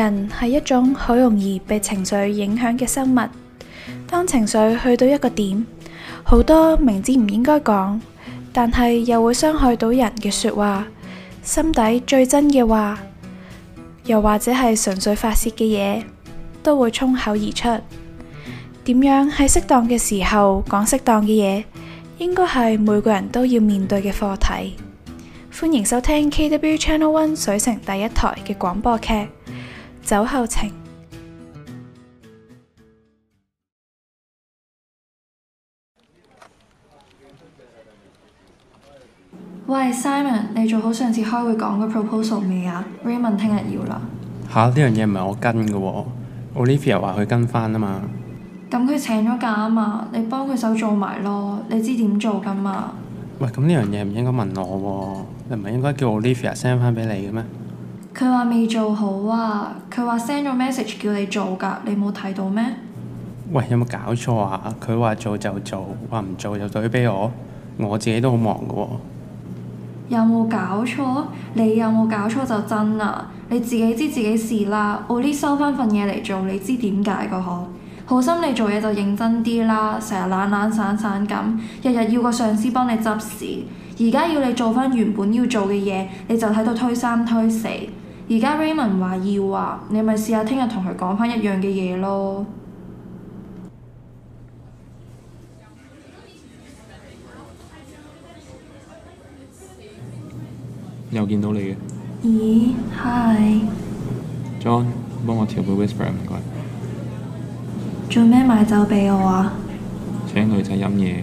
人係一種好容易被情緒影響嘅生物。當情緒去到一個點，好多明知唔應該講，但係又會傷害到人嘅說話，心底最真嘅話，又或者係純粹發洩嘅嘢，都會衝口而出。點樣喺適當嘅時候講適當嘅嘢，應該係每個人都要面對嘅課題。歡迎收聽 KW Channel One 水城第一台嘅廣播劇。走後程。喂，Simon，你做好上次開會講嘅 proposal 未啊？Raymond 聽日要啦。吓，呢樣嘢唔係我跟㗎喎、哦，Olivia 話佢跟翻啊嘛。咁佢請咗假啊嘛，你幫佢手做埋咯，你知點做噶嘛？喂，咁呢樣嘢唔應該問我、哦，是是你唔係應該叫 Olivia send 翻俾你嘅咩？佢話未做好啊！佢話 send 咗 message 叫你做㗎，你冇睇到咩？喂，有冇搞錯啊？佢話做就做，話唔做就退俾我。我自己都好忙噶喎、哦。有冇搞錯？你有冇搞錯就真啦！你自己知自己事啦。我呢收翻份嘢嚟做，你知點解噶嗬？好心你做嘢就認真啲啦，成日懶懶散散咁，日日要個上司幫你執事。而家要你做翻原本要做嘅嘢，你就喺度推三推四。而家 Raymond 話要啊，你咪試下聽日同佢講返一樣嘅嘢咯。又見到你嘅。咦，Hi。John，幫我調杯 Whisper 唔該。做咩買酒俾我啊？請女仔飲嘢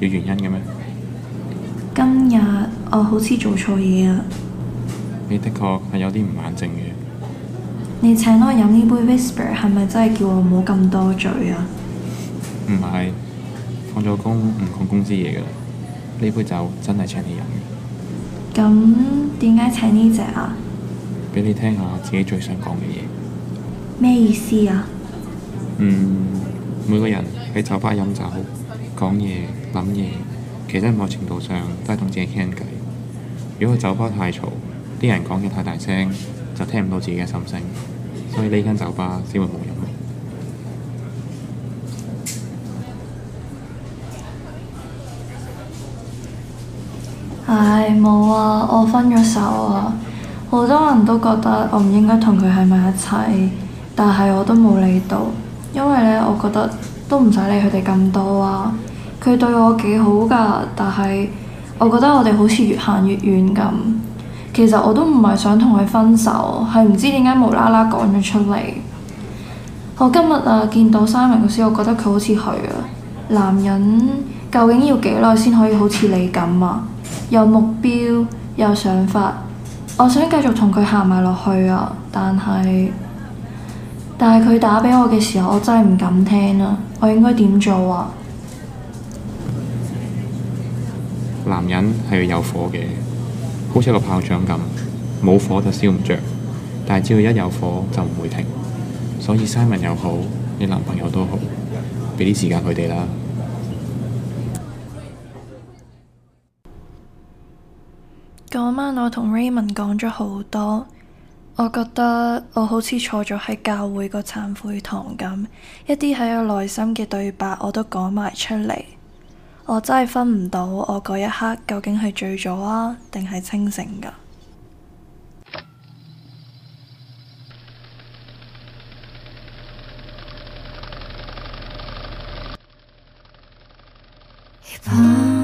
要原因嘅咩？今日我好似做錯嘢啊！你的確係有啲唔冷靜嘅。你請我飲呢杯 whisper 係咪真係叫我冇咁多嘴啊？唔係放咗工唔講公司嘢噶啦，呢杯酒真係請你飲嘅。咁點解請呢隻啊？畀你聽下自己最想講嘅嘢。咩意思啊？嗯，每個人喺酒吧飲酒講嘢諗嘢，其實某程度上都係同自己傾偈。如果個酒吧太嘈，啲人講嘢太大聲，就聽唔到自己嘅心聲，所以呢間酒吧先會冇人。唉、哎，冇啊，我分咗手啊！好多人都覺得我唔應該同佢喺埋一齊，但係我都冇理到，因為呢，我覺得都唔使理佢哋咁多啊。佢對我幾好㗎，但係我覺得我哋好似越行越遠咁。其實我都唔係想同佢分手，係唔知點解無啦啦講咗出嚟。我今日啊見到 Simon 嘅時候，我覺得佢好似去啊。男人究竟要幾耐先可以好似你咁啊？有目標，有想法。我想繼續同佢行埋落去啊，但係但係佢打畀我嘅時候，我真係唔敢聽啊。我應該點做啊？男人係要有火嘅。好似個炮仗咁，冇火就燒唔着，但係只要一有火就唔會停。所以 Simon 又好，你男朋友都好，畀啲時間佢哋啦。嗰晚我同 Raymond 講咗好多，我覺得我好似坐咗喺教會個懺悔堂咁，一啲喺我內心嘅對白我都講埋出嚟。我真係分唔到，我嗰一刻究竟係醉咗啊，定係清醒㗎？啊